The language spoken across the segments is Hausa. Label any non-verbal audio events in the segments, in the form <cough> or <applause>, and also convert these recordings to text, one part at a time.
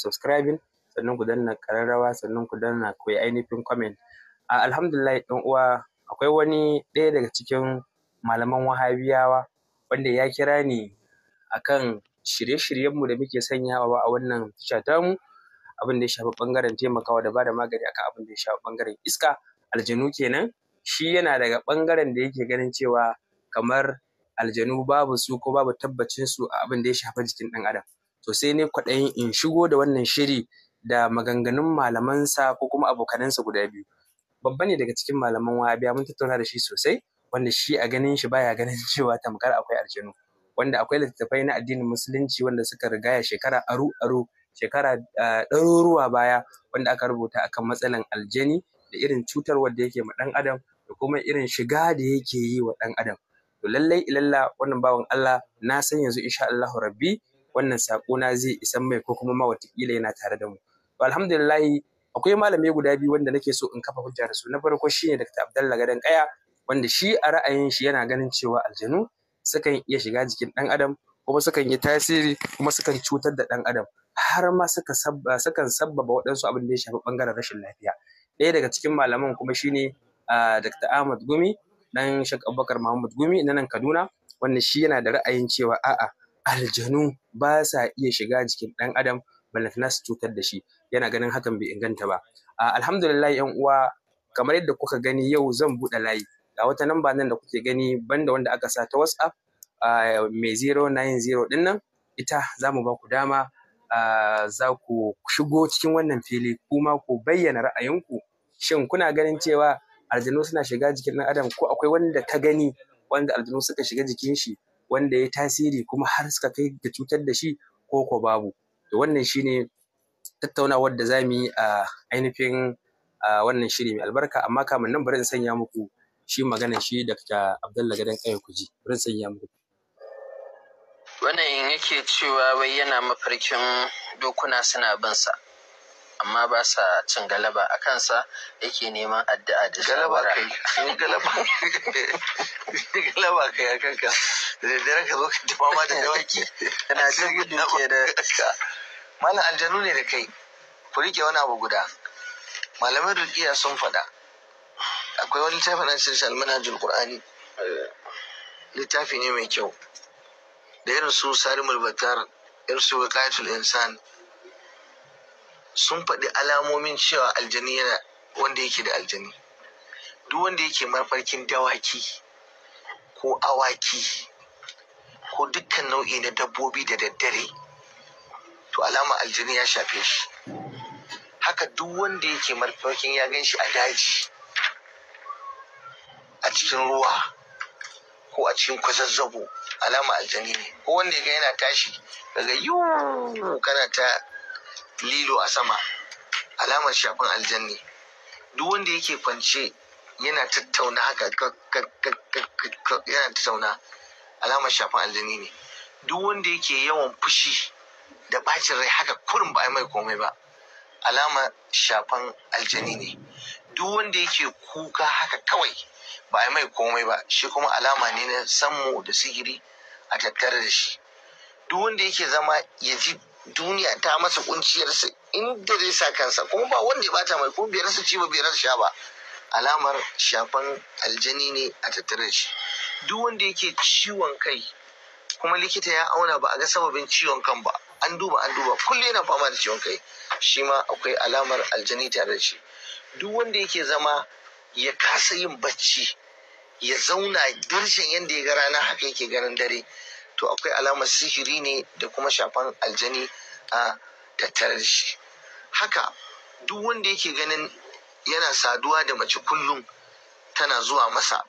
subscribing sannan ku danna kararrawa sannan ku danna ku yi ainihin comment a alhamdulillah ɗan uwa akwai wani ɗaya daga cikin malaman wahabiyawa wanda ya kira ni akan shirye-shiryenmu da muke sanyawa a wannan tasha tamu abin da ya shafi ɓangaren taimakawa da bada magani akan abin da ya shafi ɓangaren iska aljanu kenan shi yana daga ɓangaren da yake ganin cewa kamar aljanu babu su ko babu tabbacin su a abin da ya shafi jikin ɗan adam to sai ne kwaɗayin in shigo da wannan shiri da maganganun malamansa ko kuma abokanansa guda biyu babba ne daga cikin malaman wahabiya mun tattauna da shi sosai wanda shi a ganin shi baya ganin <laughs> cewa tamkar akwai aljanu wanda akwai littattafai na addinin musulunci wanda suka rigaya shekara aru aru shekara ah, ɗaruruwa baya wanda aka rubuta akan matsalan aljani da irin cutar da yake ma ɗan adam da kuma irin shiga da yake yi wa ɗan adam to lallai ilalla wannan bawan Allah na san yanzu insha Allahu rabbi wannan sako na zai isan mai ko kuma ma watakila yana tare da mu to alhamdulillah akwai malami guda biyu wanda nake so in kafa hujja da su na farko shine Dr. Abdullahi Gadan Kaya wanda shi a ra'ayin shi yana ganin cewa aljanu sukan iya shiga jikin ɗan adam kuma sukan yi tasiri kuma sukan cutar da ɗan adam har ma suka sukan sabbaba waɗansu abin da ya shafi ɓangaren rashin lafiya ɗaya daga cikin malaman kuma shine Dr. Ahmad Gumi dan Sheikh Abubakar Muhammad Gumi na nan Kaduna wanda shi yana da ra'ayin cewa a'a aljanu ba sa iya shiga jikin ɗan adam na su cutar da shi yana ganin hakan bai inganta ba alhamdulillah yan uwa kamar yadda kuka gani yau zan buɗe layi ga wata namba nan da kuke gani banda wanda aka sa ta whatsapp mai zero din nan ita za mu ba ku dama za ku shigo cikin wannan fili kuma ku bayyana ra'ayinku shin kuna ganin cewa aljanu suna shiga jikin ɗan adam ko akwai wanda ta gani wanda aljanu suka shiga jikin shi wanda ya tasiri kuma har suka kai ga cutar da shi ko ko babu to wannan shine tattaunawar da zamu yi a ainihin wannan shiri mai albarka amma kamin nan bari in sanya muku shi magana shi Dr. Abdullah Gadan Kai Kuji bari in sanya muku wannan yake cewa wai yana mafarkin dokuna suna bansa sa amma ba sa cin galaba a kansa yake neman addu'a da galaba eh, <laughs> kai galaba kai a kanka da ka zo ka tafa ma da dawaki kana da ke da malam aljanu ne da kai ku rike wani abu guda malamai rukiya sun faɗa akwai wani littafin an shirya almanhajul qur'ani littafi ne mai kyau da irin su sarimul batar irin su wiqayatul sun faɗi alamomin cewa aljani yana wanda yake da aljani duk wanda yake mafarkin dawaki ko awaki ko dukkan nau'i na dabbobi da daddare to alama Aljani ya shafe shi haka duk wanda yake mafarkin ya gan shi a daji a cikin ruwa ko a cikin kwazazzabo alama aljani ne ko wanda ya ga yana tashi daga yiwu kana ta lilo a sama alamar shafin aljanni duk wanda yake kwance yana tattauna haka yana tattauna alamar shafin aljanni ne duk wanda yake yawan fushi da bacin rai haka kurin ba mai komai ba Alamar shafan aljani ne duk wanda yake kuka haka kawai ba a mai komai ba shi kuma alama ne na sammu da sigiri a tattare da shi duk wanda yake zama ya ji duniya ta masa kunciyar su inda zai sa kansa kuma ba wanda ya bata mai kuma bai ci ba biyar sha ba alamar shafan aljani ne a tattare shi duk wanda yake ciwon kai kuma likita ya auna ba a ga sababin ciwon kan ba an duba an duba kulle yana fama da ciwon kai shi ma akwai alamar aljani tare da shi duk wanda yake zama ya kasa yin bacci ya zauna dirshin yadda ya ga rana haka yake ganin dare to akwai alamar sihiri ne da kuma shafan aljani a tattare da shi haka duk wanda yake ganin yana saduwa da mace kullum tana zuwa masa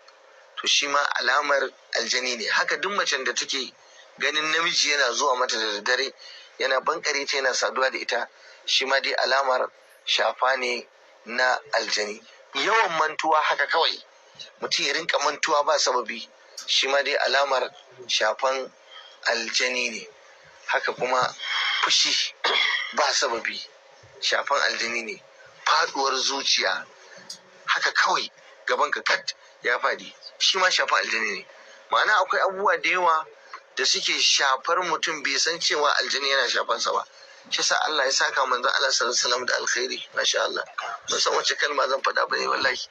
to shi ma alamar aljani ne haka duk macen da take ganin namiji yana zuwa mata da daddare yana bankare ta yana saduwa da ita shi ma dai alamar shafa ne na aljani yawan mantuwa haka kawai mutum ya rinka mantuwa ba sababi shi ma dai alamar shafan aljani ne haka kuma fushi ba sababi shafan aljani ne faduwar zuciya haka kawai gaban ka kat ya fadi shi ma shafan aljani ne ma'ana akwai abubuwa da yawa da suke shafar mutum bai san cewa aljani yana shafan sa ba shi sa Allah ya saka manzo Allah sallallahu da alkhairi masha Allah ba san wace kalma zan faɗa bane wallahi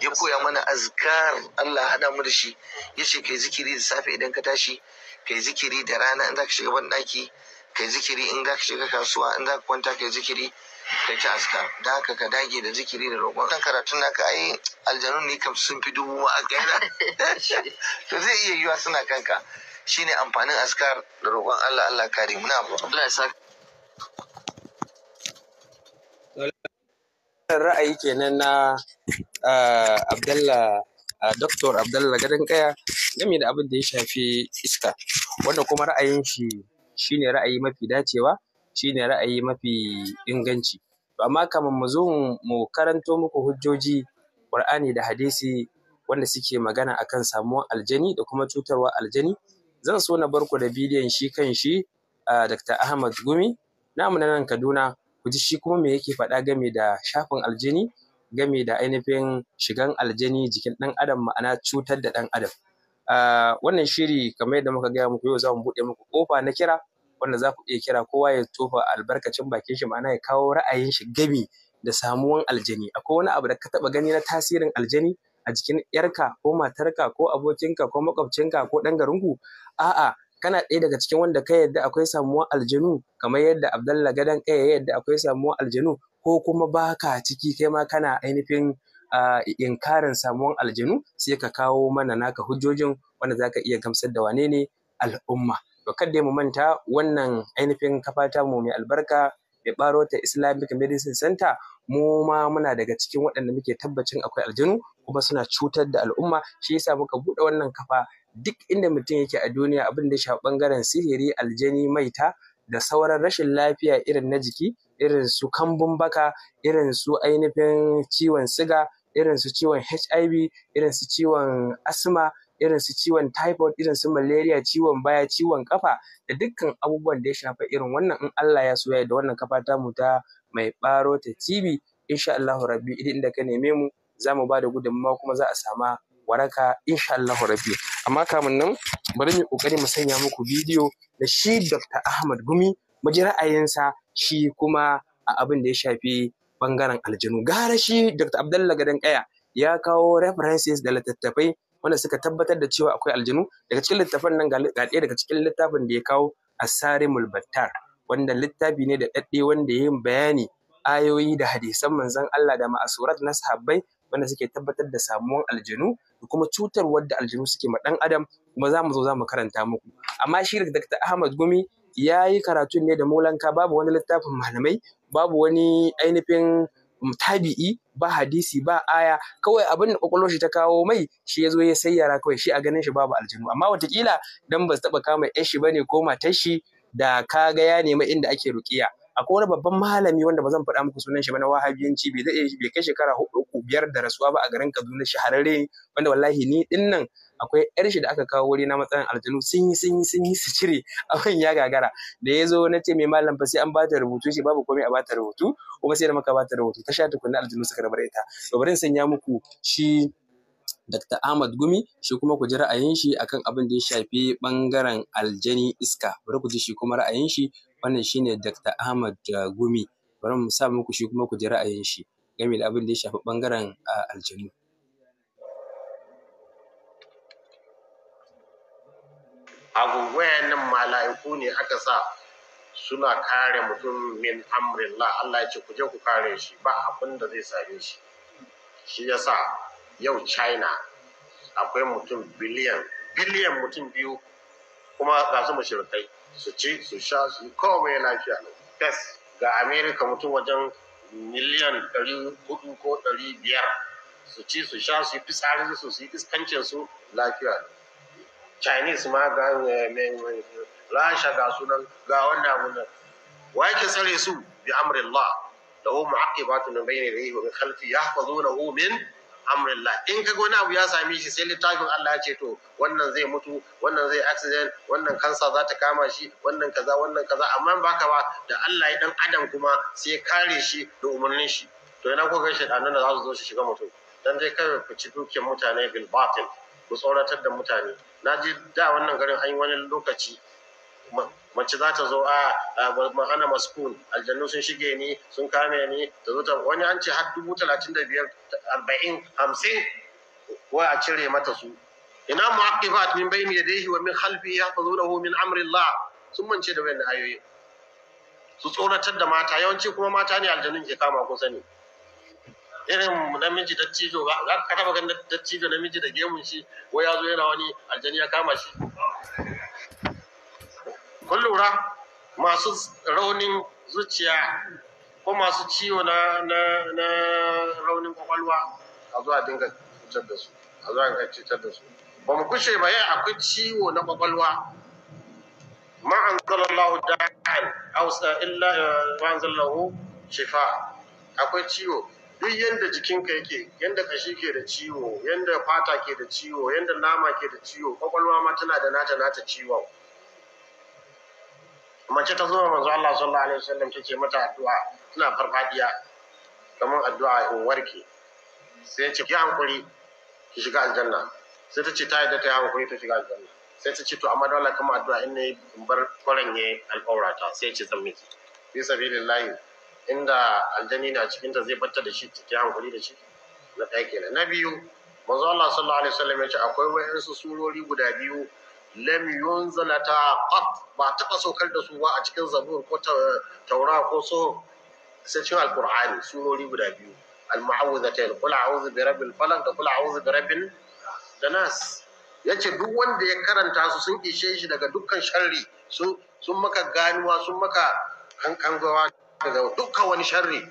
ya koya mana azkar Allah hada mu da shi yace kai zikiri da safe idan ka tashi kai zikiri da rana in za ka shiga ban ɗaki kai zikiri in za ka shiga kasuwa in za ka kwanta kai zikiri kai ta aska da haka ka dage da zikiri da roƙon kan karatun naka ai aljanun ne kam sun fi dubu ma aka yana <laughs> to zai iya yiwa suna kanka shine amfanin askar da roƙon Allah Allah kare mu na Allah ya saka ra'ayi kenan na eh, Abdallah Dr. Abdullahi Gadon Kaya game da abin da ya shafi iska wanda kuma ra'ayin shi shine ra'ayi mafi dacewa shine ra'ayi mafi inganci To amma kamar mu zo mu karanto muku hujjoji Qur'ani da hadisi wanda suke magana akan samuwar aljani da kuma cutarwa aljani zan so na barku da bidiyon shi kan shi Dr. Ahmad Gumi namu na nan Kaduna ku ji shi kuma me yake faɗa game da shafin aljini game da ainihin shigan aljani jikin ɗan adam ma'ana cutar da ɗan adam wannan shiri kamar yadda muka gaya muku yau za mu buɗe muku kofa na kira wanda za ku iya kira kowa ya tofa albarkacin bakin shi ma'ana ya kawo ra'ayin shi gami da samuwan aljani akwai wani abu da ka taɓa gani na tasirin aljani a jikin yarka ko matarka ko abokinka ko makwabcinka ko ɗan garinku a'a kana ɗaya daga cikin wanda ka yadda akwai samuwan aljanu kamar yadda abdallah Gadon kaya ya yadda akwai samuwan aljanu ko kuma ba ka ciki kai ma kana ainihin inkarin samuwan aljanu sai ka kawo mana naka hujjojin wanda za ka iya gamsar da wane ne al'umma to kada mu manta wannan ainihin kafa ta mu mai albarka mai baro ta islamic medicine center mu ma muna daga cikin waɗanda muke tabbacin akwai aljanu kuma suna cutar da al'umma shi yasa muka buɗe wannan kafa duk inda mutum yake a duniya abin da ya shafi ɓangaren sihiri aljani maita da sauran rashin lafiya irin na jiki irin su kambun baka irin su ainihin ciwon siga irin su ciwon hiv irin su ciwon asma irin su ciwon typhoid irin su malaria ciwon baya ciwon kafa da dukkan abubuwan da ya shafa irin wannan in Allah ya soya da wannan kafa ta mu ta mai baro ta TV insha Allah rabbi idan da ka neme mu za mu ba da gudunmawa kuma za a sama waraka insha Allah rabbi amma kamun nan bari mu kokari mu sanya muku bidiyo da shi Dr. Ahmad Gumi mu ji ra'ayinsa shi kuma a abin da ya shafi bangaren aljanu gara shi Dr. Abdullahi Gadan Kaya ya kawo references da littattafai wanda suka tabbatar da cewa akwai aljanu daga cikin littafan nan ga ɗaya daga cikin littafin da ya kawo Asari Mulbattar wanda littafi ne da ɗaɗɗe wanda ya yi bayani ayoyi da hadisan manzon Allah da ma'asurat na sahabbai wanda suke tabbatar da samuwan aljanu da kuma cutar da aljanu suke ma ɗan adam kuma za mu zo za mu karanta muku amma shi Dr. Ahmad Gumi ya yi karatun ne da molanka babu wani littafin malamai babu wani ainihin tabi'i ba hadisi ba aya kawai abin da kwakwalwar shi ta kawo mai shi ya zo ya sayyara kawai shi a ganin shi babu aljanu amma watakila dan ba su taba kama yan shi ne, ko matar shi da ka ga ya nema inda ake ruƙiya. akwai wani babban malami wanda ba zan faɗa muku sunan shi ba na wahabiyanci bai daɗe bai kai shekara hudu uku biyar da rasuwa ba a garin Kaduna shahararre wanda wallahi ni din nan akwai yar shi da aka kawo wuri na matsayin aljanu sun yi sun yi sun yi su cire <laughs> abin ya gagara da ya zo na ce mai malam fa sai an bata rubutu shi babu komai a bata rubutu kuma sai da maka bata rubutu ta sha tukunna aljanu suka rabar ita to bari in sanya muku shi Dr. Ahmad Gumi shi kuma ku ji ra'ayin shi akan abin da ya shafi bangaren aljani iska bari ku ji shi kuma ra'ayin shi wannan shi ne Dr. Ahmad uh, Gumi bari mu sa muku shi kuma ku ji ra'ayin shi game da abin da ya shafi ɓangaren uh, aljanu. Abubuwan nan mala'iku ne aka sa suna kare mutum min amrillah Allah ya ce ku je ku kare shi ba abin da zai same shi shi ya sa yau China akwai mutum biliyan biliyan mutum biyu kuma ga su mashirkai. su ci su sha su komai lafiya tes ga amerika mutum wajen miliyan 400 ko 500 su ci su sha su yi fitsarin su su yi fiskancin su lafiya chinese ma ga eh, rasha ga sunan ga wannan abunan wa yake tsare su bi amrillah lahu mu'aqibatun bayna yi wa min khalfihi yahfazunahu min amrillah in ka wani abu ya same shi sai littafin Allah ya ce to wannan zai mutu wannan zai accident wannan kansa za ta kama shi wannan kaza wannan kaza amma ba ka ba da Allah ya dan adam kuma sai kare shi da umarnin shi to ina ko kai shaidanan da za su zo su shiga mutum dan dai kai ku ci dukiyar mutane bil batil ku tsoratar da mutane na ji da wannan garin an yi wani lokaci mace za ta zo a ana maskun aljannu sun shige ni sun kame ni ta zo ta wani an ce har dubu talatin da biyar arba'in hamsin wa a cire mata su ina mu'aqqibat min baini yadayhi wa min khalfihi yahfazunahu min amri Allah sun mance da wannan, ayoyi su tsoratar da mata yawanci kuma mata ne aljanun ke kama ko sani irin namiji da cijo ba ka taba ganin da cijo namiji da gemun shi wai ya zo yana wani aljani ya kama shi kun lura masu raunin zuciya ko masu ciwo na raunin kwakwalwa a zuwa dinga cutar da su a zuwa dinga cutar da su ba mu kushe ba yai akwai ciwo na kwakwalwa ma an zalallahu da'an ausa illa eh, ma an hu shifa akwai ciwo duk yanda jikinka yake yanda kashi ke da ciwo yanda fata ke da ciwo yanda nama ke da ciwo kwakwalwa ma tana da nata nata ciwo. mace ta zama manzo Allah sallallahu alaihi wasallam ce mata addu'a tana farfadiya kamar addu'a in warke sai ce ki hankuri ki shiga aljanna sai ta ce ta yadda ta yi hankuri ta shiga aljanna sai ta ce to amma dole kuma addu'a in ne in bar kwaranye al'aurata sai ce zan miki bi sabilillahi inda aljani na cikinta zai bata da shi ki hankuri da shi na ɗaya kenan na biyu manzo Allah sallallahu alaihi wasallam ya ce akwai wayansu surori guda biyu lam yunzalata qat ba taba saukar da su ba a cikin zabur ko taura ko so sai cikin alqur'ani surori guda biyu al qul a'udhu bi rabbil falaq da qul a'udhu bi rabbin nas yace duk wanda ya karanta su sun ishe shi daga dukkan sharri sun sun maka ganuwa sun maka hankangawa daga dukkan wani sharri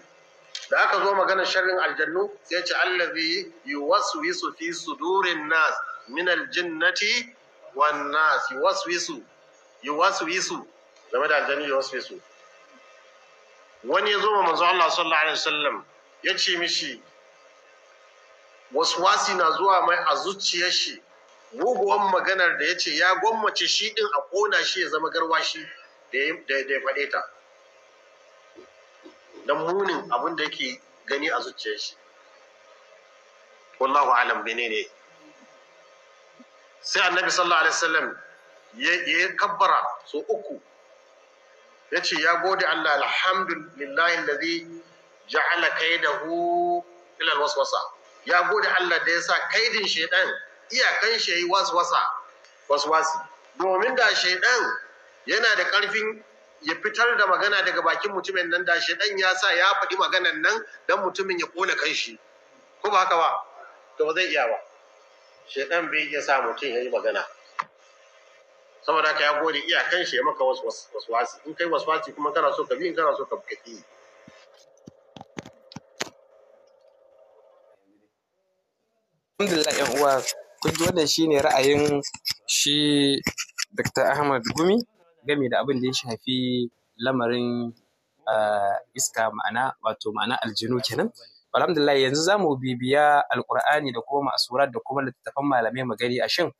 da aka zo maganar sharrin aljannu sai ya ce allazi yuwaswisu fi sudurin nas min aljinnati Wannan, Yi wan Yi wasu yuwaswisu game da wasu yuwaswisu wani ya zo ma manzo Allah sallallahu alaihi wasallam ya ce mishi waswasi na zuwa mai a zuciyar shi muguwan maganar da ya ce ya gwammace shi din a kona shi ya zama garwashi da ya faɗe ta don munin abin da yake gani a zuciyar shi wallahu alam bene ne sai annabi sallallahu alaihi wasallam ya yi kabbara so uku ya ce ya gode Allah alhamdulillahi alladhi ja'ala kaidahu ila alwaswasa ya gode Allah da ya sa kaidin shaidan iyakan shi yi waswasa waswasi domin da shaidan yana da karfin ya fitar da magana daga bakin mutumin nan da shaidan ya sa ya faɗi maganan nan dan mutumin ya kona kanshi ko ba haka ba to ba zai iya ba shaidan bai iya sa mutum ya yi magana saboda ka ya gode iyakan shi ya maka waswasi in kai waswasi kuma kana so ka bi in kana so ka bi alhamdulillah yan uwa kun ji wannan shine ra'ayin shi Dr. Ahmad Gumi game da abin da ya shafi lamarin ah, iska ma'ana wato ma'ana aljinu kenan alhamdulillah yanzu za mu bibiya alkurani da kuma asurar da kuma littattafan malamai magari a shin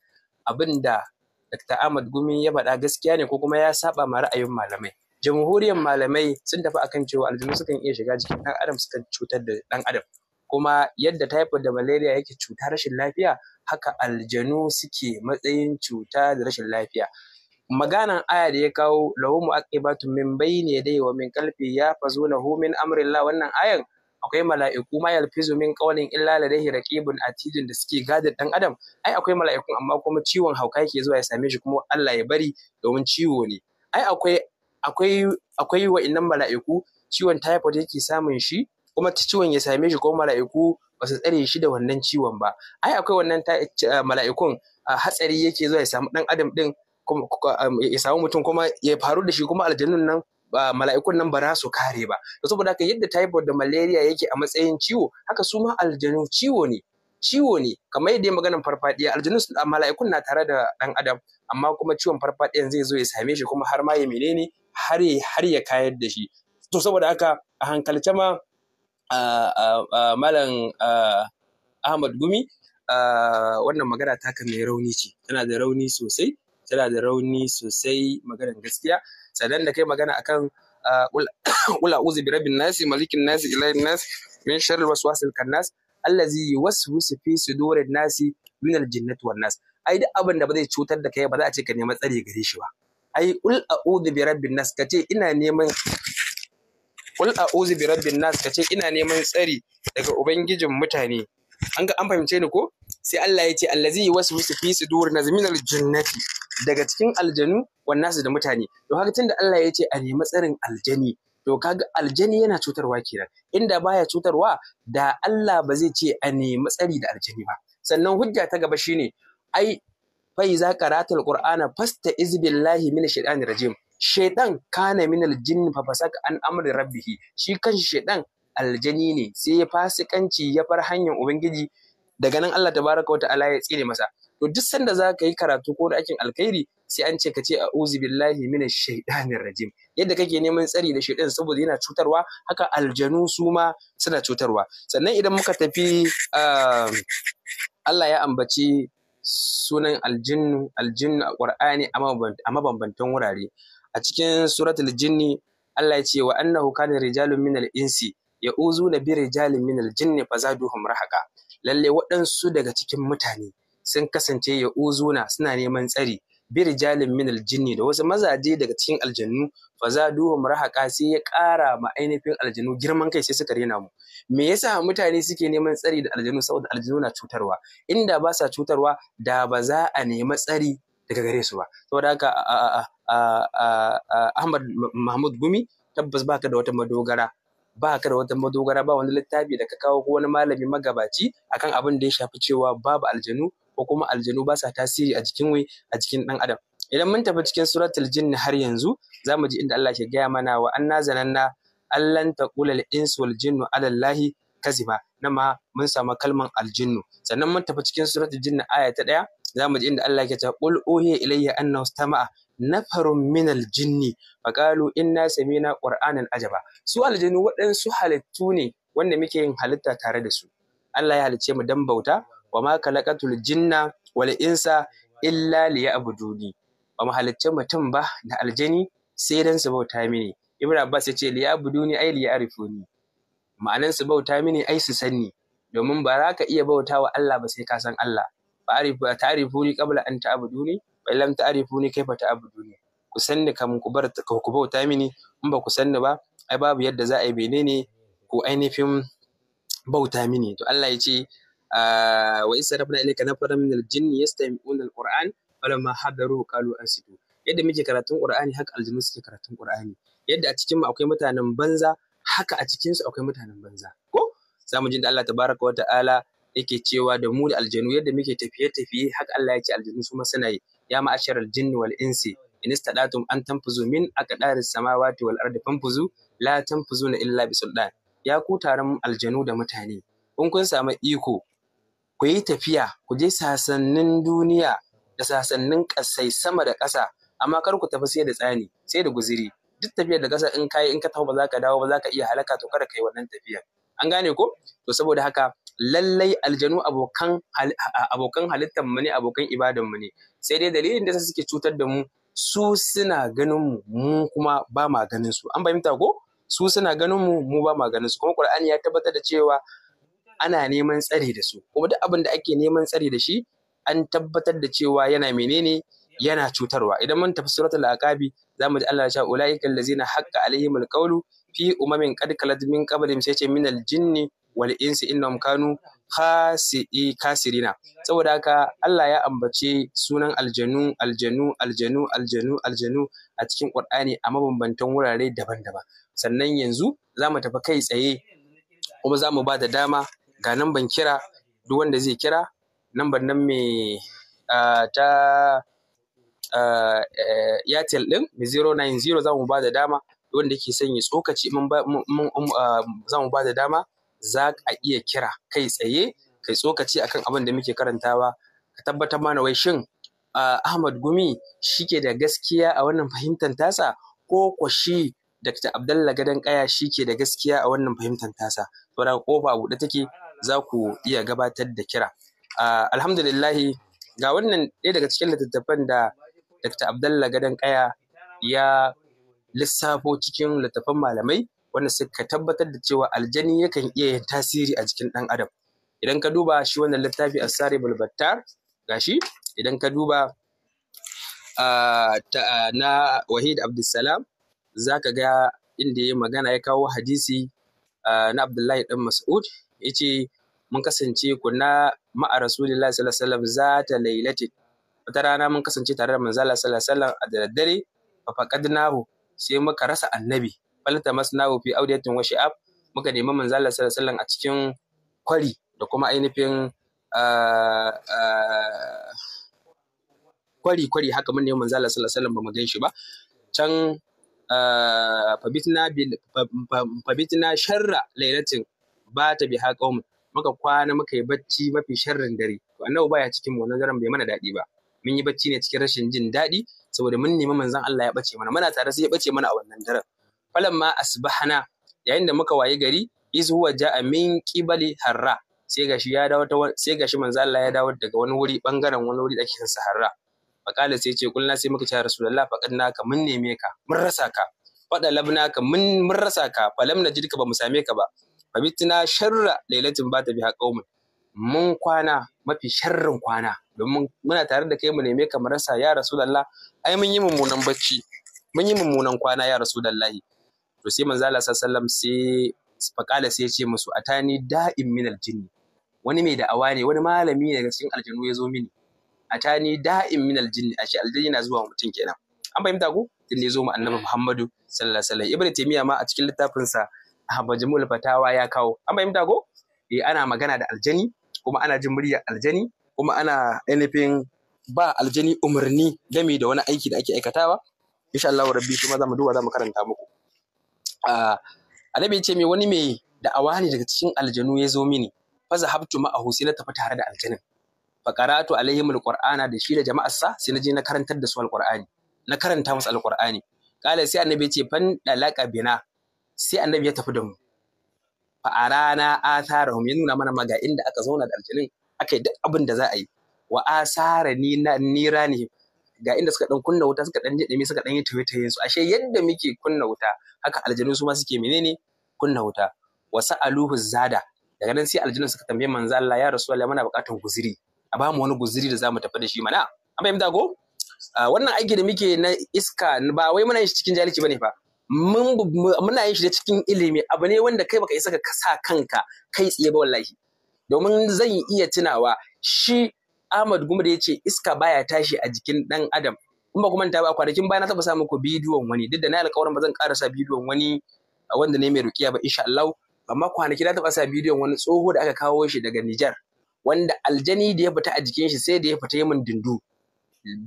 abinda Dr. Ahmad Gumi ya faɗa gaskiya ne ko kuma ya saba ma ra'ayin malamai jamhuriyar malamai sun tafi akan cewa aljanu sukan iya shiga jikin ɗan adam sukan cutar da ɗan adam kuma yadda typhoid da malaria yake cuta rashin lafiya haka aljanu suke matsayin cuta da rashin lafiya maganan aya da ya kawo lahu mu'aqibatun min bayni yadayhi wa min qalbi ya hu min amrillah wannan ayan akwai mala'iku ma yalfizu min qawlin illa ladayhi raqibun atidun da suke gadin dan adam ai akwai mala'ikun amma kuma ciwon hauka yake zuwa ya same shi kuma Allah ya bari domin ciwo ne ai akwai akwai akwai wa'annan mala'iku ciwon typhoid yake samun shi kuma ciwon ya same shi ko mala'iku ba su tsare shi da wannan ciwon ba ai akwai wannan eh, mala'ikun ah, hatsari yake zuwa ya samu dan adam din ah, ya samu mutum kuma ya faru da shi kuma aljannun nan mala'ikun nan ba za su kare ba da saboda haka yadda typhoid da malaria yake a matsayin ciwo haka su ma aljanu ciwo ne ciwo ne kamar yadda maganar farfadiya aljanu mala'ikun na tare da dan adam amma kuma ciwon farfadiyan zai zo ya same shi kuma har ma ya menene har har ya kayar da shi to saboda haka a hankalce ma malam Ahmad Gumi wannan magana taka mai rauni ce tana da rauni sosai tana da rauni sosai maganar gaskiya sannan da kai magana akan ah, ula <coughs> a'udhu birabi nasi malikin nasi ilayin nasi min sharril waswasil kannas allazi yuwaswisu fi sudurin nas min aljinnati wan nas ai duk abin da ba zai cutar da kai ba za a ce ka nema tsare gare shi ba ai qul a'udhu bi rabbin nas kace nas kace ina neman tsari daga ubangijin mutane an an fahimce ni ko sai Allah ya ce allazi yuwaswisu fi sudur nazmin aljannati daga cikin aljanu wannan su da mutane to haka tunda Allah ya ce a nemi tsarin aljani to kaga aljani yana cutarwa kenan inda baya cutarwa da Allah ba zai ce a nemi tsari da aljani ba sannan hujja ta gaba shine ai fai za qara'atul qur'ana fasta izbillahi min shaitanir rajim shaitan kana minal jinni fa fasaka an amri rabbih shi kanshi shaitan aljani ne sai ya fasikanci ya bar hanyar ubangiji daga nan Allah tabaraka Ala ya tsire masa to duk sanda za ka yi karatu ko aikin alkhairi sai an ce ka ce a'udhu billahi minash shaitanir rajim yadda kake neman tsari da shaitan saboda yana cutarwa haka aljanu su ma suna cutarwa sannan idan muka tafi ah, Allah ya ambaci sunan aljinnu aljinnu a Qur'ani a mabambantan wurare a cikin suratul jinni Allah ya ce wa annahu kana rijalun minal insi ya'uzuna bi rijalin minal jinni fazaduhum rahaka lalle waɗansu daga cikin mutane sun kasance ya'uzuna suna neman tsari bi rijalin minal jinni da wasu mazaje daga cikin aljannu fazaduhum rahaka sai ya ƙara ma ainihin aljannu girman kai sai suka rena mu me yasa mutane suke neman tsari da aljannu saboda aljannu na cutarwa inda ba sa cutarwa da ba za a nemi tsari daga gare su ba saboda haka Ahmad Mahmud Gumi tabbas baka da wata madogara ba ka da wata madogara ba wani littafi da ka kawo ko wani malami magabaci akan abin da ya shafi cewa babu aljanu ko kuma aljanu ba sa tasiri a jikin wai a jikin dan adam idan mun tafi cikin suratul jinni har yanzu za mu ji inda Allah ke gaya mana wa anna zananna allan taqula al-insu wal jinnu ala allahi kaziba nan ma mun samu kalman aljinnu sannan mun tafi cikin suratul jinni aya ta daya za mu ji inda Allah ke ta qul uhiya ilayya annahu istama'a nafarun minal jinni na inna samina qur'anan ajaba su aljanu waɗansu halittu ne wanda muke yin halitta tare da su Allah ya halicce mu dan bauta wa ma khalaqatul jinna wal insa illa liya'buduni ba mu halicce mutum ba da aljani sai dan su bauta mini Ibn Abbas ya ce liya'buduni ai liya'rifuni ma'anan su bauta mini ai su sanni domin ba za ka iya bautawa Allah ba sai ka san Allah ba ta'rifuni qabla an ta'buduni fa tarifu ni kaifa ta'buduni ku sanni kam ku bar ku bauta mini in ba ku sanni ba ai babu yadda za a yi menene ku ainihin bauta mini to Allah ya ce ah, wa isa rabbana ilayka nafara min al-jinn yastami'una al-qur'an falamma hadaru qalu asidu yadda muke karatun qur'ani haka aljinnu suke karatun qur'ani yadda a cikin mu akwai mutanen banza haka a cikin su akwai mutanen banza ko zamu jin da Allah tabaraka wa ta'ala yake cewa da mu da aljanu yadda muke tafiye tafiye haka Allah ya ce aljanu su yi ya ma'ashar al-jinni wal insi in istadatum an tanfuzu min aqdaris samawati wal ardi fanfuzu la tanfuzuna illa bi ya ku taron aljanu da mutane in kun samu iko ku yi tafiya ku je sasannin duniya da sasannin ƙasai sama da ƙasa amma kar ku tafi sai da tsani sai da guziri duk tafiyar da ƙasa in kayi in ka tafi ba za ka dawo ba za ka iya halaka to kada kai wannan tafiyar an gane ko to saboda haka lallai aljanu abokan abokan halittar mu ne abokan ibadan mu ne sai dai dalilin da suke cutar da mu su suna ganin mu mu kuma ba ma ganin su an fahimta ko su suna ganin mu mu ba ma ganin su kuma Qur'ani ya tabbatar da cewa ana neman tsare da su kuma duk abin da ake neman tsare da shi an tabbatar da cewa yana menene yana cutarwa idan mun tafi suratul aqabi zamu ji Allah ya sha ulaiikal ladzina haqqa alaihim qawlu fi umamin qad khalat min qablihim sai ce min jinni wal insi innahum kanu kasirina saboda haka Allah ya ambace sunan aljanu aljanu aljanu aljanu aljanu a cikin Qur'ani a mabambantan wurare daban-daban sannan yanzu za mu tafi kai tsaye kuma za mu ba da dama ga namban kira duk wanda zai kira namban nan mai ta yatel e, din 090 za mu ba da dama wanda yake son ya tsokaci za mu ba da dama za a iya kira kai tsaye kai tsokaci akan abin da muke karantawa ka tabbatar mana wai shin Ahmad Gumi shi ke da gaskiya a wannan fahimtar tasa ko ko shi Dr. Abdallah Gadon Kaya shi ke da gaskiya a wannan fahimtar tasa. Saboda kofa buɗe take za ku iya gabatar da kira. Alhamdulillahi ga wannan ɗaya daga cikin littattafan da Dr. Abdallah Gadon Kaya ya lissafo cikin littattafan malamai wanda suka tabbatar da cewa aljani yakan iya yin tasiri a jikin ɗan adam idan ka duba shi wannan littafi asari bulbattar gashi idan ka duba na wahid abdulsalam za ka ga inda ya magana ya kawo hadisi na abdullahi ɗan mas'ud ya ce mun kasance kuna ma'a rasulillahi sallallahu za ta lailati wata rana mun kasance tare da manzala sallallahu alaihi wasallam a daddare fa faqadnahu sai muka rasa annabi balta masnahu fi audiyatin wa shi'ab muka nemi manzo Allah sallallahu alaihi wasallam a cikin kwari da kuma ainihin ah, ah, kwari kwari haka mun nemi manzo Allah sallallahu alaihi wasallam ba mu gan shi ba can ah, fabitna sharra lailatin ba ta biha qaumun muka kwana muka yi bacci mafi sharrin dare to annabi baya cikin mu wannan daren bai mana daɗi ba mun yi bacci ne cikin rashin jin daɗi saboda mun nemi manzon Allah ya bace mana muna tare sai ya bace mana a wannan daren falamma asbahana yayin da muka wayi gari iz huwa ja'a min qibali harra sai gashi ya dawo ta sai gashi manzo Allah ya dawo daga wani wuri bangaren wani wuri da ake sa harra faqala sai ce kullana sai muka ci rasulullahi rasulullah faqad naka mun neme ka mun rasa ka fada labna ka mun mun rasa ka falam najidka ba mu same ka ba fabitna sharra lailatin ta biha qaumun mun kwana mafi sharrin kwana domin muna tare da kai mu neme ka mu rasa ya rasulullahi ai mun yi mummunan bacci mun yi mummunan kwana ya rasulullahi to sai manzo Allah sallallahu sai faqala sai ya ce musu atani da'im min jinni wani mai da'awa ne wani malami daga cikin aljannu ya zo mini atani da'im min jinni ashe aljani na zuwa mutum kenan an fahimta ko tun da ya zo mu annabi Muhammadu sallallahu alaihi wasallam ibnu taymiya ma a cikin littafin sa majmu'ul fatawa ya kawo an fahimta ko eh ana magana da aljani kuma ana jin murya aljani kuma ana anything ba aljani umarni game da wani aiki da ake aikatawa insha Allah rabbi kuma zamu duba zamu karanta muku annabi ya ce me wani mai da'awa ne daga cikin aljanu ya zo mini fa zahabtu ma'ahu sai na tafi tare da aljanin fa qara'atu alaihim alqur'ana da shi da jama'ar sa, sai na je na karantar da su alqur'ani na karanta musu alqur'ani kala sai annabi ya ce fan dalaka bina sai annabi ya tafi da mu fa arana atharahum ya nuna mana maga inda aka zauna da aljanin aka yi duk abin da za a yi wa asara ni na nira rani ga inda suka dan kunna wuta suka dan dame suka dan yi tawaye su ashe yadda muke kunna wuta haka aljanun su ma suke menene kunna wuta wasa aluhu zada daga nan sai aljanu suka tambaye manzo Allah ya rasulullahi muna buƙatar guziri a ba mu wani guziri da zamu tafi da shi mana an fahimta ko ah, wannan aiki da muke na iska ba wai muna yin shi cikin jahilci bane fa muna yin shi da cikin ilimi abu ne wanda kai baka isa ka sa kanka kai tsaye ba wallahi domin zan iya tunawa shi Ahmad Gumar ya ce iska baya tashi a jikin ɗan adam in ba ku manta ba kwanakin bayan na taɓa sa muku bidiyon wani duk da na alƙawarin ba zan ƙara sa bidiyon wani wanda ne mai rukiya ba insha Allah amma kwanaki na taɓa sa bidiyon wani tsoho da aka kawo shi daga Nijar wanda aljani da ya fita a jikin shi sai da ya fita yamin dindu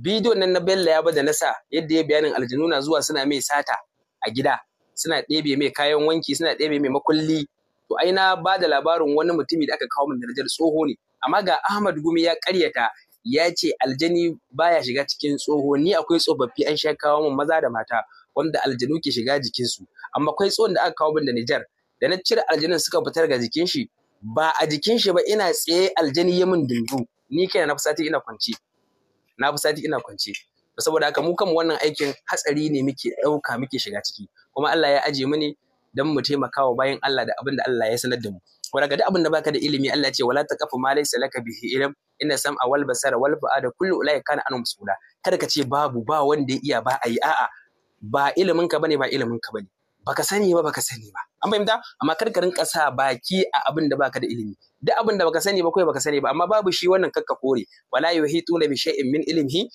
bidiyon nan na Bello ya bada nasa yadda ya bayanin aljanu na zuwa suna mai sata a gida suna ɗebe mai kayan wanki suna ɗebe mai makulli to ai na ba da labarin wani mutumi da aka kawo min darajar tsoho ne amma ga Ahmad Gumi ya karyata ya ce aljani baya shiga cikin tsoho ni akwai tsofaffi an sha kawo min maza da mata wanda aljanu ke shiga jikinsu amma akwai tsohon da aka kawo min da Nijar da na cire aljanin suka fitar ga jikin shi ba a jikin shi ba ina tsaye aljani ya min dundu ni kaina na fi ina kwance na fi ina kwance saboda haka mu kan wannan aikin hatsari ne muke ɗauka muke shiga ciki kuma Allah ya aje mu ne don mu taimakawa bayan Allah da abin da Allah ya sanar da mu wara ga duk abin da baka da ilimi Allah ce wala taqafu ma laysa laka bihi ilm inna sam'a wal basara wal fu'ada kullu ulai kana anu musula kada ka ce babu ba wanda ya iya ba ayi a'a ba ilimin ka bane ba ilimin ka bane baka sani ba baka sani ba an fahimta amma kar ka rinka sa baki a abin da baka da ilimi duk abin da baka sani ba kai baka sani ba amma babu shi wannan kakka kore wala la bi shay'in min ilmihi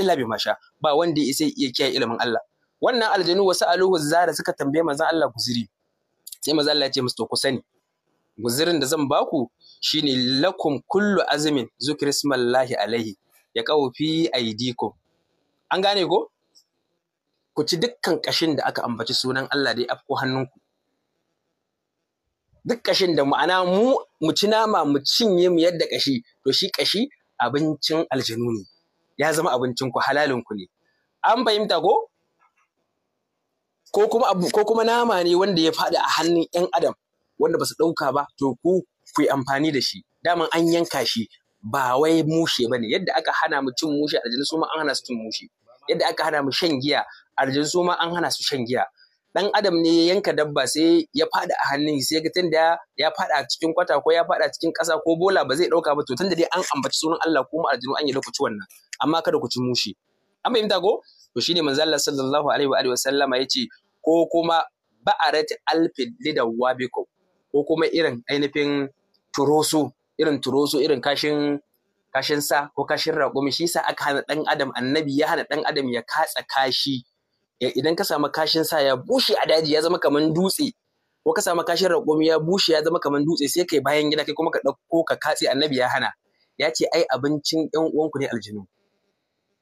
illa bi sha ba wanda ya sai iya kiyaye ilimin Allah wannan aljanu wasu aluhu zara suka tambaye manzon Allah guziri sai manzon Allah ya ce musu to ku sani guzirin da zan baku shine lakum kullu azumin zukrismallahi alaihi ya kawo fi diko. an gane ko ku ci dukkan kashin da aka ambaci sunan Allah da ya afko hannunku duk kashin da ma'ana mu mu ci nama mu cinye mu yadda kashi to shi kashi abincin aljanu ne ya zama abincin ku halalin ne an fahimta ko ko kuma ko kuma nama ne wanda ya faɗi a hannun 'yan adam wanda ba su ɗauka ba to ku ku yi amfani da shi daman an yanka shi ba wai mushe ba ne yadda aka hana mu cin mushe a su ma an hana su cin mushe yadda aka hana mu shan giya a su ma an hana su shan giya dan adam ne ya yanka dabba sai ya fada a hannun sai ga tunda ya fada a cikin kwata ko ya fada a cikin ƙasa ko bola ba zai ɗauka ba to tunda dai an ambaci sunan Allah ko mu an yi lokaci wannan amma kada ku ci mushe an fahimta ko to shine manzo Allah sallallahu alaihi wa alihi wa sallama yace ko kuma ba'arat alfid lidawabikum ko kuma irin ainihin turoso irin turoso irin kashin kashin sa ko kashin raƙumi shi sa aka hana ɗan adam annabi ya hana ɗan adam ya katsa kashi eh, idan ka samu kashin sa ya bushe a daji ya zama kaman dutse ko ka samu kashin raƙumi ya bushe ya zama kaman dutse sai kai bayan gida kai kuma ka ɗauko ka katse annabi ya hana ya ce ai abincin ƴan uwanku ne aljanu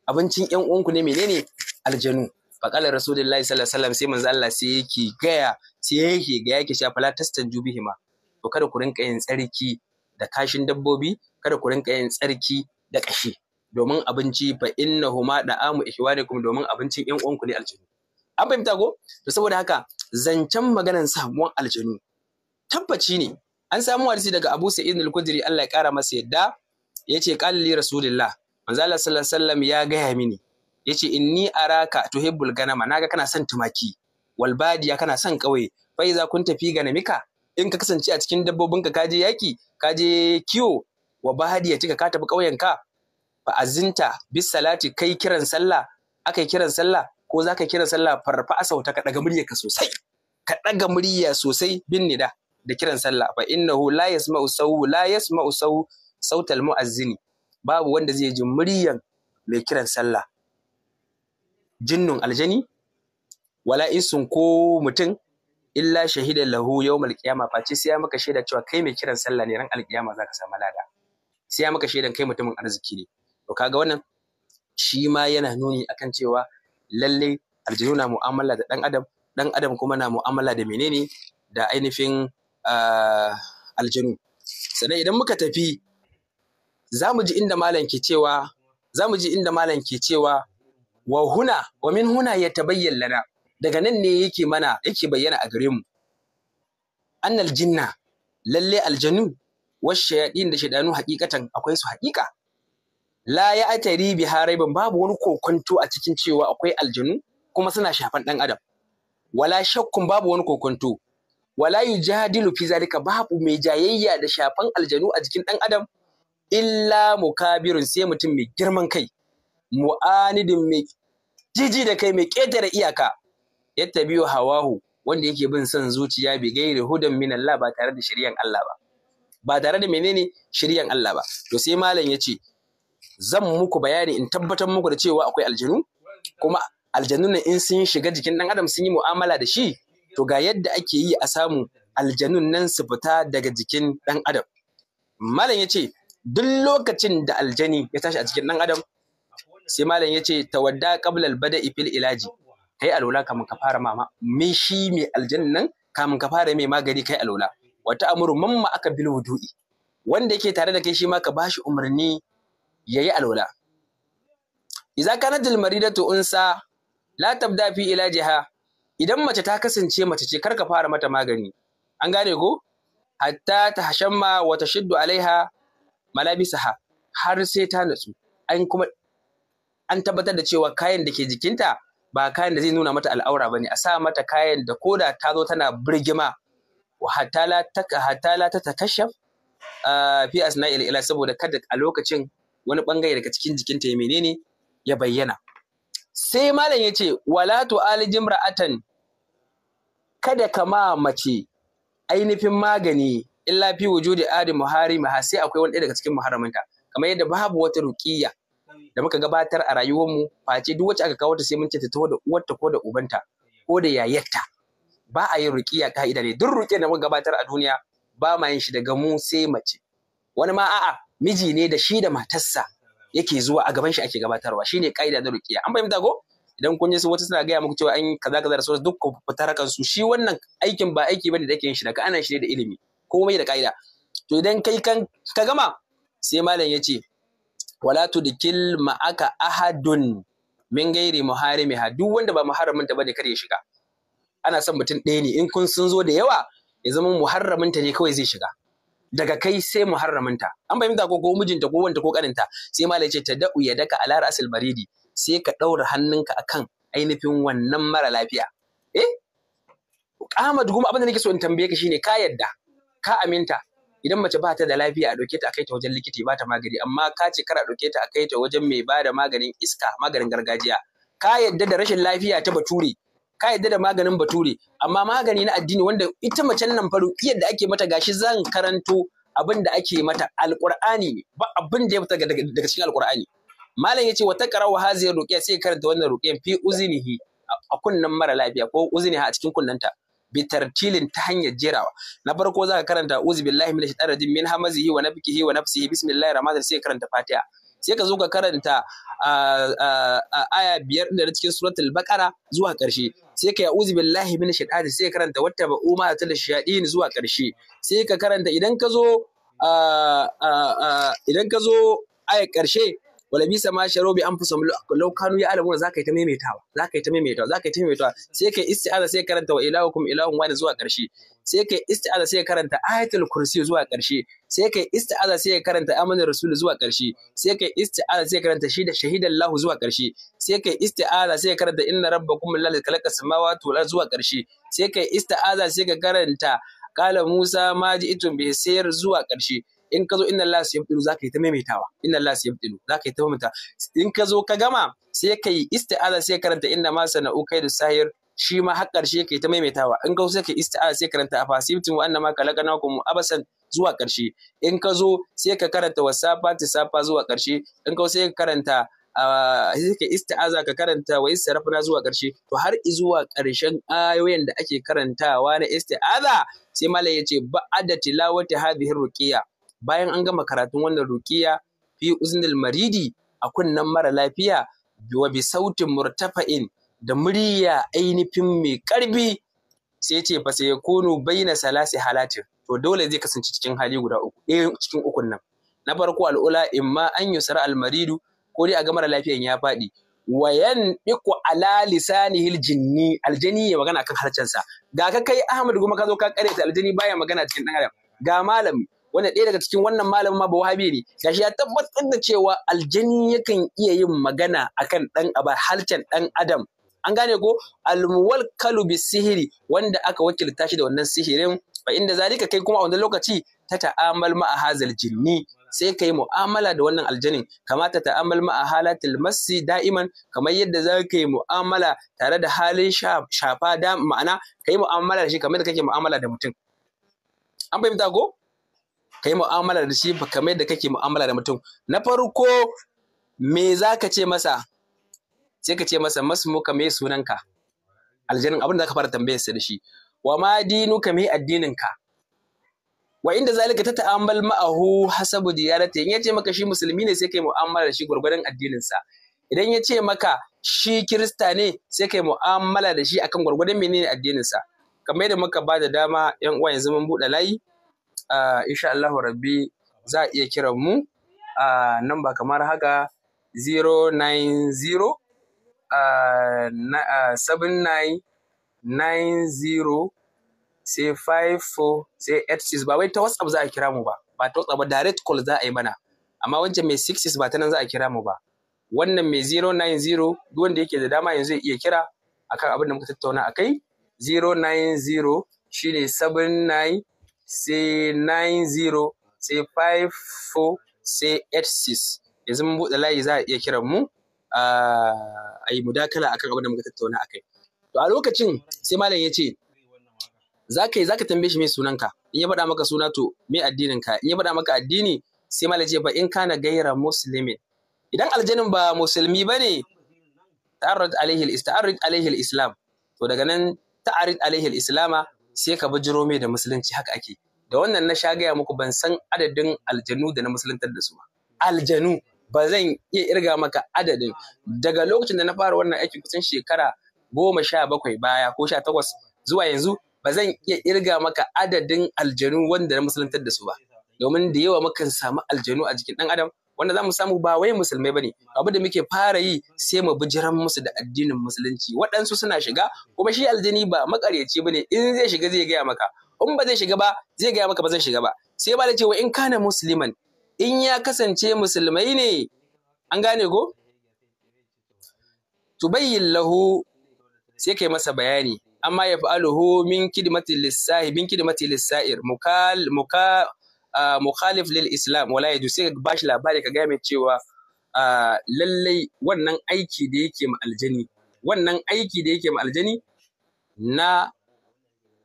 abincin ƴan uwanku ne menene aljanu faqala rasulullahi sallallahu alaihi wasallam sai manzo Allah sai yake gaya sai yake gaya yake sha fala tastanju to kada ku rinka yin tsarki da kashin dabbobi kada ku rinka yin tsarki da kashi domin abinci fa innahuma da'amu ihwanikum domin abincin yan uwanku ne aljanu an fahimta ko to saboda haka zancen maganar samuwan aljanu tabbaci ne an samu hadisi daga Abu Sa'id al-Khudri Allah ya kara masa yadda yace qala rasulullah manzo Allah sallallahu alaihi wasallam ya gaya mini Ya ce, yace inni araka tuhibbul ganama naga kana son tumaki Walbadiya kana son kauye Fai iza tafi tafi ganamika in ka kasance a cikin dabbobin ka je yaki ka je kiwo wa bahadiya cika ka tafi ka fa azinta bis salati kai kiran sallah akai kiran sallah ko za zaka kiran sallah farfa asauta ka daga ka sosai ka daga murya sosai bin nida da kiran sallah fa innahu la yasma'u sawu la yasma'u sawu sautal mu'azzini babu wanda zai ji muryan mai kiran sallah jinnun aljani wala isun ko mutum illa shahidan lahu yawmal qiyama face sai ya maka shaida cewa kai mai kiran sallah ne ran alqiyama zaka samu lada sai ya maka shaidan kai mutumin arziki ne to kaga wannan shi ma yana nuni akan cewa lalle aljinu na mu'amala da dan adam dan adam kuma na mu'amala da menene da ainihin ah, aljinu sannan idan muka tafi za ji inda malam cewa za mu ji inda malam ke cewa wa huna wa min huna ya tabayyan lana daga nan ne yake mana yake bayyana a gare mu annal jinna lalle aljanu wasu shayadin da shaidanu hakikatan akwai su hakika la ya atari bi haraiban babu wani kokonto a cikin cewa akwai aljanu kuma suna shafan ɗan adam wala shakkun babu wani kokonto wala yujadilu fi zalika babu mai jayayya da shafan aljanu a jikin ɗan adam illa mukabirun sai mutum mai girman kai mu'anidin mai jiji da kai mai ƙetare iyaka yadda biyo hawahu wanda yake bin son zuciya bi gairi hudan min Allah ba tare da shiryan Allah ba ba tare da menene shiryan Allah ba to sai malam yace zan muku bayani in tabbatar muku da cewa akwai aljanu kuma aljanu ne in sun shiga jikin dan adam sun yi mu'amala da shi to ga yadda ake yi a samu aljanun nan su fita daga jikin dan adam malam ya duk lokacin da aljani ya tashi a jikin dan adam sai malam ya ce tawadda qabla al bada fil ilaji kai alwala kamun ka fara mama me shi mai aljannan kamun ka fara mai magani kai alwala wata amuru mamma aka bil wudu'i wanda yake tare da kai shi ma ka bashi umarni yayi alwala idza kanat al maridatu unsa la tabda fi ilajiha idan mace ta kasance mace ce kar ka fara mata magani an gane ko hatta ta hashamma wa tashiddu alaiha malabisaha har sai ta natsu an kuma an tabbatar da cewa kayan da ke jikinta ba kayan da zai nuna mata al'aura ba ne, a sa mata kayan da koda ta zo tana birgima hatta la ta takashaf ah, fi na ila saboda kada a lokacin wani bangare daga cikin jikinta ya menene ya bayyana sai malam ya ce wala alijin ra'atan kada kama mace ainihin magani illa fi wujudi adi ma sai akwai wani daga cikin muharramanta kamar yadda babu wata ruqiyya da muka gabatar a rayuwar mu. face duk wacce aka kawo ta sai mun ce ta taho da uwarta ko da ubanta ko da yayarta ba a yin ruqiya ka'ida ne duk ruqiya da muka gabatar a duniya ba ma yin shi daga mu sai mace wani ma a'a miji ne da shi da matarsa yake zuwa a gaban shi ake gabatarwa shine ka'ida na ruqiya an fahimta ko idan kun ji su wata suna gaya muku cewa an kaza kaza da sauransu duk ku fitar kansu shi wannan aikin ba aiki bane da ake yin shi daga ana shi ne da ilimi komai da ka'ida to idan kai kan ka gama sai malam ya ce wala tudkil ma'aka ahadun min gairi muharimiha duk wanda ba muharraminta bane kar ya shiga ana son mutum ɗaya ne in kun sun zo da yawa ya zama muharraminta ne kawai zai shiga daga kai sai ta an fahimta ko ko mijinta ko wanta ko kaninta sai malai ce ta da'u ya daka ala rasul maridi sai ka ɗaura hannunka akan ainihin wannan mara lafiya eh Ahmad kuma abin da nake so in tambaye ka shine ka yadda ka aminta idan mace ba ta da lafiya a ɗauke ta a kai ta wajen likita ba ta magani amma ka ce kar a ɗauke ta a kai ta wajen mai ba da maganin iska maganin gargajiya ka yadda da rashin lafiya ta bature ka yadda da maganin bature amma magani na addini wanda ita macen nan faru yadda ake mata gashi zan karanto abin da ake mata alqur'ani ne ba abin da ya fita daga cikin alqur'ani malam yace wa wa ya ruqya sai karanta wannan ruqyan fi uzinihi a kunnen mara lafiya ko uziniha a cikin kunnanta bitartilin ta hanyar jerawa na farko za ka karanta uzu billahi minash rajim min hamazihi wa nabkihi wa nafsihi bismillahir rahmanir sai karanta fatiha sai ka zo ka karanta aya biyar da cikin suratul baqara zuwa ƙarshe. sai ka ya'uzu billahi min shaitani sai ka karanta wata ba umma ta shaidin zuwa ƙarshe. sai ka karanta idan ka zo idan ka zo aya ƙarshe wala bisa ma sharobi an fusa lau kanu ya alamu ka yi ta maimaitawa ka yi ta maimaitawa Za ka yi ta maimaitawa sai kai isti'aza sai karanta wa kuma ilahun wani zuwa karshe sai kai isti'aza sai karanta ayatul kursi zuwa karshe sai kai isti'aza sai karanta amanar rasul zuwa karshe sai kai isti'aza sai karanta shi da shahidan lahu zuwa karshe sai kai isti'aza sai karanta inna rabbakum lillahi khalaqa samawati wal zuwa karshe sai kai isti'aza sai ka karanta qala musa ma ji'tum bi sayar zuwa karshe in ka zo inna Allah su yabdilu zaka yi ta maimaitawa inna Allah su yabdilu zaka yi ta maimaita in ka zo ka gama sai ka yi isti'aza sai karanta inna ma sana'u kaidu sahir shi ma har ƙarshe kai ta maimaitawa in ka zo sai ka isti'aza sai karanta afasibtum wa annama khalaqnakum abasan zuwa ƙarshe in ka zo sai ka karanta wasafa safa zuwa ƙarshe in ka zo sai ka karanta ah, sai ka isti'aza ka karanta wa istirafna zuwa ƙarshe to har zuwa ƙarshen ayoyin da ake karantawa na isti'aza sai ya ce ba'ada tilawata hadhihi ruqiya bayan an gama karatun wannan Rukiya fi uznil maridi a kunnen mara lafiya wa bi sautin murtafa'in da murya ainihin mai karbi sai ce fa sai yakunu baina salasi halatin to dole zai kasance cikin hali guda uku ɗaya eh, cikin ukun nan na farko al'ula imma an yusra almaridu ko dai a ga mara lafiyan ya faɗi wayan Alali ala Hiljin jinni aljani ya magana kan harcensa ga ka kai ahmad kuma ka zo ka kare ta aljani baya magana cikin dan adam ga malami wanda ɗaya daga cikin wannan malamin ma ba ne gashi ya tabbatar da cewa aljani yakan iya yin magana akan ɗan abar halcan ɗan adam an gane ko Almuwal bi sihiri wanda aka wakilta shi da wannan sihirin fa inda zalika kai kuma a wannan lokaci ta ta'amal ma'a hazal jinni sai ka yi mu'amala da wannan aljanin ta ta'amal ma'a halatil masi da'iman kamar yadda za ka yi mu'amala tare da halin shafa da ma'ana ka yi mu'amala da shi kamar yadda kake mu'amala da mutum an fahimta ko ka yi mu'amala da shi kamar yadda kake mu'amala da mutum na farko me za ka ce masa sai ka ce masa masmuka me sunanka aljanin abin da ka fara tambayar da shi wa ma dinu ka me addininka wa inda zalika ta ta'ammal ma'ahu hasabu diyarati in yace maka shi musulmi ne sai kai mu'amala da shi gurgurdan addinin sa idan ya ce maka shi kirista ne sai kai mu'amala da shi akan gurgurdan menene addinin sa kamar yadda muka ba da dama yan uwa yanzu mun buɗe layi insha Allahu rabbi za a iya kiran mu a nan ba kamar haka 090 7990 sai 54 sai 86 ba wai ta whatsapp za a kira mu ba ba ta whatsapp ba direct call za a yi mana amma wancan mai 60 ba ta nan za a kira mu ba wannan mai 090 duk wanda yake da dama yanzu iya kira akan abin da muka tattauna kai 090 shine 79 sai 90 sai 54 sai 86 yanzu mun buɗe layi za a iya kiran mu a yi mudakala akan abin da muka tattauna akai to a lokacin sai malam ya ce za ka yi za ka tambaye shi mai sunanka in ya faɗa maka suna to me addinin ka in ya faɗa maka addini sai malam ya ce fa in kana gaira muslimin idan aljanin ba musulmi ba ne ta'arrid alaihi al-islam to daga nan ta'arrid alaihi al-islama sai ka bi mai da musulunci haka ake da wannan na sha gaya muku ban san adadin aljanu da na musuluntar da su ba aljanu ba zan iya irga maka adadin daga lokacin da na fara wannan aikin kusan shekara goma sha bakwai baya ko sha takwas zuwa yanzu ba zan iya irga maka adadin aljanu wanda na musuluntar da su ba domin da yawa mukan samu aljanu a jikin ɗan adam wanda za mu samu ba wai musulmai bane abu da muke fara yi sai mu bijiran musu da addinin musulunci waɗansu suna shiga kuma shi aljini ba makaryaci bane in zai shiga zai gaya maka in ba zai shiga ba zai gaya maka ba zai shiga ba sai ba da cewa in kana musliman in ya kasance musulmai ne an gane ko tubayyin lahu sai kai masa bayani amma ya fa'aluhu min kidmatil lissahi min kidmatil sa'ir mukal mukhalif lil islam wala yaju sai ka bashi labari ka mai cewa lallai wannan aiki da yake ma aljani wannan aiki da yake ma aljani na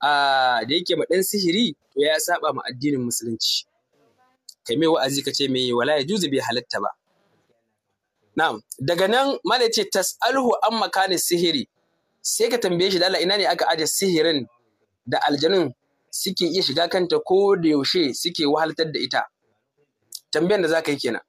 da yake ma dan sihiri to ya saba ma addinin musulunci kai mai wa'azi ka ce me wala yaju bai halatta ba na'am daga nan mala ce tas'alhu an makanin sihiri sai ka tambaye shi da Allah ina ne aka aje sihirin da aljanun suke iya shiga kanta ko da yaushe suke wahaltar da ita tambayan da zaka yi kenan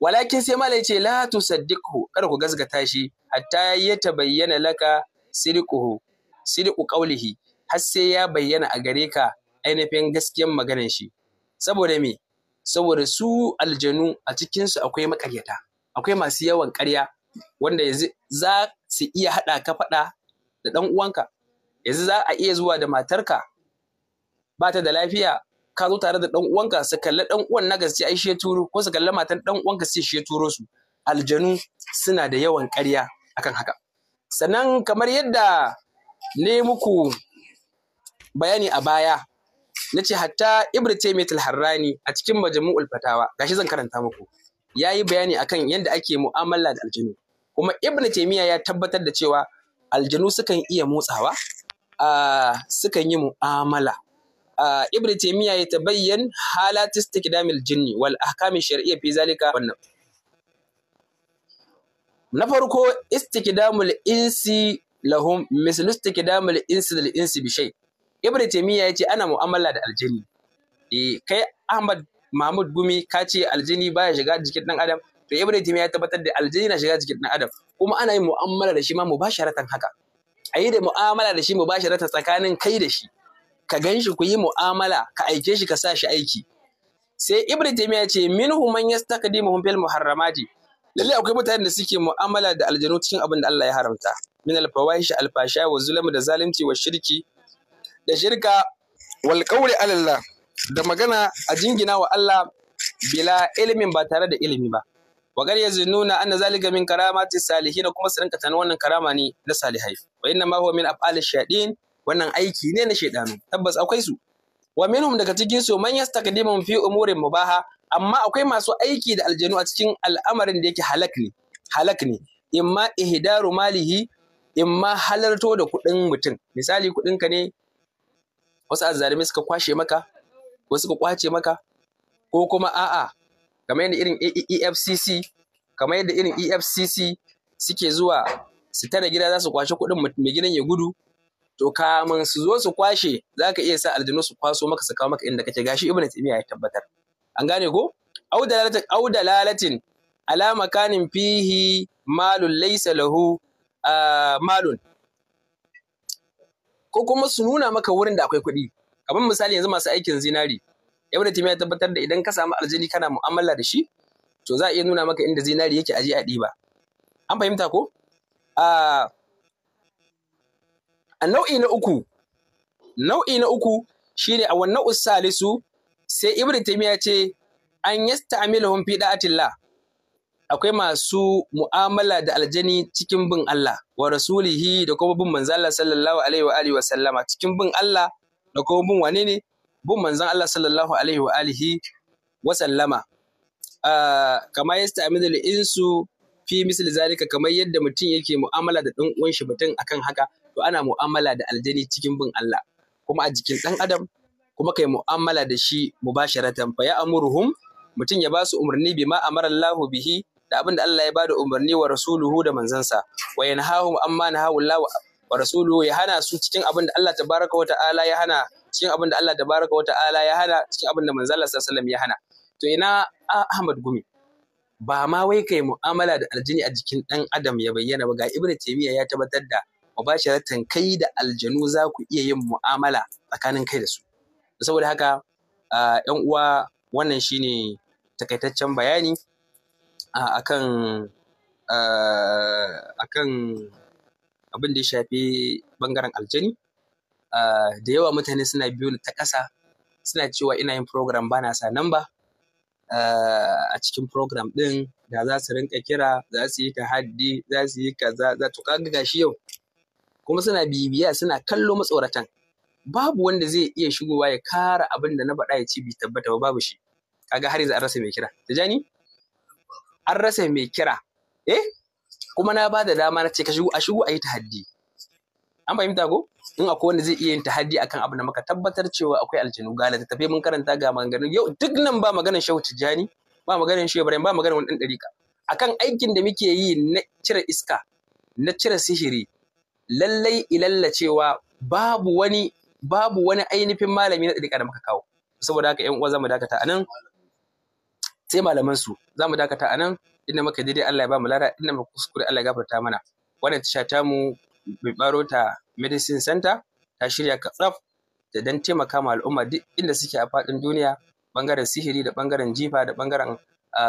walakin sai malai ce la saddiqhu kar ku gasgata shi hatta ya tabayyana laka sidquhu sidqu qawlihi har sai ya bayyana a gare ka ainihin gaskiyar maganar shi saboda me saboda su aljanu a cikinsu akwai makaryata akwai masu yawan karya wanda yanzu za su iya haɗa ka faɗa da ɗan uwanka yanzu za a iya zuwa da matarka ba ta da lafiya ka zo tare da dan uwanka su kalli dan uwan na gaske ai shi turo ko su kalli matan dan uwanka sai shi turo su aljanu suna da yawan ƙarya akan haka sannan kamar yadda ne muku bayani a baya na ce hatta ibn taymiyyah harrani a cikin majmu'ul fatawa gashi zan karanta muku yayi bayani akan yadda ake mu'amala da aljanu kuma ibn taymiyyah ya tabbatar da cewa aljanu sukan iya motsawa ah, sukan yi mu'amala ibn taymiya ya tabayyan halat istikdamil jinni wal ahkam shar'iyya fi zalika wannan na farko istikdamul insi lahum mislu istikdamul insi lil insi bi shay ibn taymiya yace ana mu'amala da aljini eh kai ahmad mahmud gumi ka ce aljini baya shiga jikin dan adam to ibn taymiya ya tabbatar da aljini na shiga jikin dan adam kuma ana yin mu'amala da shi ma mubasharatan haka a yi da mu'amala da shi mubasharatan tsakanin kai da shi ka gan shi ku yi mu'amala ka aike shi ka sa shi aiki sai ibnu taymiya ce minhum man yastaqdimuhum fil muharramati lalle akwai mutane da suke mu'amala da aljanu cikin abin da Allah ya haramta min al fawahish al fasha wa zulm da zalunci wa shirki da shirka wal qawli ala da magana a jingina wa Allah bila ilimin ba tare da ilimi ba wa gar yazunnuna anna zalika min karamati salihin kuma su rinka tana wannan karama ne na salihai wa inna ma huwa min af'al shayatin wannan aiki ne na shaidanu tabbas akwai su wa minhum daga cikin su man yastakdimu fi umurin mubaha amma akwai masu aiki da aljanu a cikin al'amarin da yake halak ne halak ne imma ihdaru malihi imma halarto da kuɗin mutum misali kuɗin ka ne wasu azzalimi suka kwashe maka ko suka kwace maka ko kuma a'a kamar yadda irin EFCC e e kamar yadda irin EFCC suke zuwa su tare gida za su kwashe kuɗin mai gidan ya gudu to kamun su zo su kwashe za ka iya sa aljanu su kwaso maka su kawo maka inda kake gashi ibnu taymiya ya tabbatar an gane ko au dalalatin ala makanin fihi malun laysa lahu malun ko kuma su nuna maka wurin da akwai kuɗi kamar misali yanzu masu aikin zinari ibnu taymiya ya tabbatar da idan ka samu aljini kana mu'amala da shi to za a iya nuna maka inda zinari yake aje a ɗiba an fahimta ko a a nau'i na uku nau'i na uku shine a wannan usalisu sai ibnu taymiya ce an yasta'miluhum fi da'atillah akwai masu mu'amala da aljani cikin bin Allah wa rasulihi da kuma bin manzon Allah sallallahu alaihi wa alihi wa sallama cikin bin Allah da kuma bin wane ne bin manzon Allah sallallahu alaihi wa alihi wa sallama kama yasta'milul insu fi misali zalika kamar yadda mutum yake mu'amala da dan uwan shi mutum akan haka to ana mu'amala da aljani cikin bin Allah kuma a jikin ɗan adam kuma kai mu'amala da shi mubasharatan fa ya amuruhum mutum ya ba su umarni bima amara Allah bihi da abin da Allah ya bada umarni wa rasuluhu da manzansa wa yanhahum amma nahahu Allah wa rasuluhu ya hana su cikin abin da Allah tabaraka wa ta'ala ya hana cikin abin da Allah tabaraka wa ta'ala ya hana cikin abin da manzon Allah sallallahu alaihi wasallam ya hana to ina Ahmad Gumi ba ma wai kai mu'amala da aljini a jikin dan adam ya bayyana ba ga ibnu taymiya ya tabbatar da mubasharatan kai da aljanu za ku iya yin mu'amala tsakanin kai da su saboda haka yan uwa wannan shi ne takaitaccen bayani akan kan abin da ya shafi bangaren aljani da yawa mutane suna biyo ta ƙasa suna cewa ina yin program bana sa nan namba a cikin program ɗin da za su rinka kira za su yi tahaddi za su yi kaza za to ga gashi yau kuma suna bibiya suna kallo matsoratan babu wanda zai iya shigowa ya kara abin da na faɗa ya ce bi tabbata ba babu shi kaga har yanzu an rasa mai kira tijani an rasa mai kira eh kuma na ba da dama na ce ka shigo a shigo a yi tahaddi an fahimta ko in akwai wanda zai iya yin tahaddi akan abu da maka tabbatar cewa akwai aljinu gala da tafi mun karanta ga maganganun yau duk nan ba maganar shehu tijjani ba maganar shehu ibrahim ba maganar wani ɗan ɗarika akan aikin da muke yi na cire iska na cire sihiri lallai ilalla cewa babu wani babu wani ainihin malami na ɗariƙa da muka kawo saboda haka ƴan uwa za mu dakata a nan sai malaman su za mu dakata a nan inda muka dai Allah ya ba mu lara, inda muka kuskure Allah ya gafarta mana wannan tasha ta mu baro ta medicine center ta shirya ka tsaf da dan taimaka ma al'umma duk inda suke a faɗin duniya bangaren sihiri da bangaren jifa da bangaren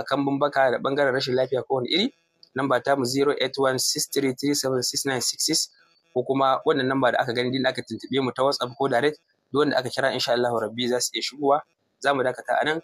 kambun baka da bangaren rashin lafiya kowane iri lamba ta mu 081 ko kuma wannan namba da aka gani din aka tuntube mu ta WhatsApp ko direct duk wanda aka kira insha Allah rabbi za su iya shigowa za mu dakata anan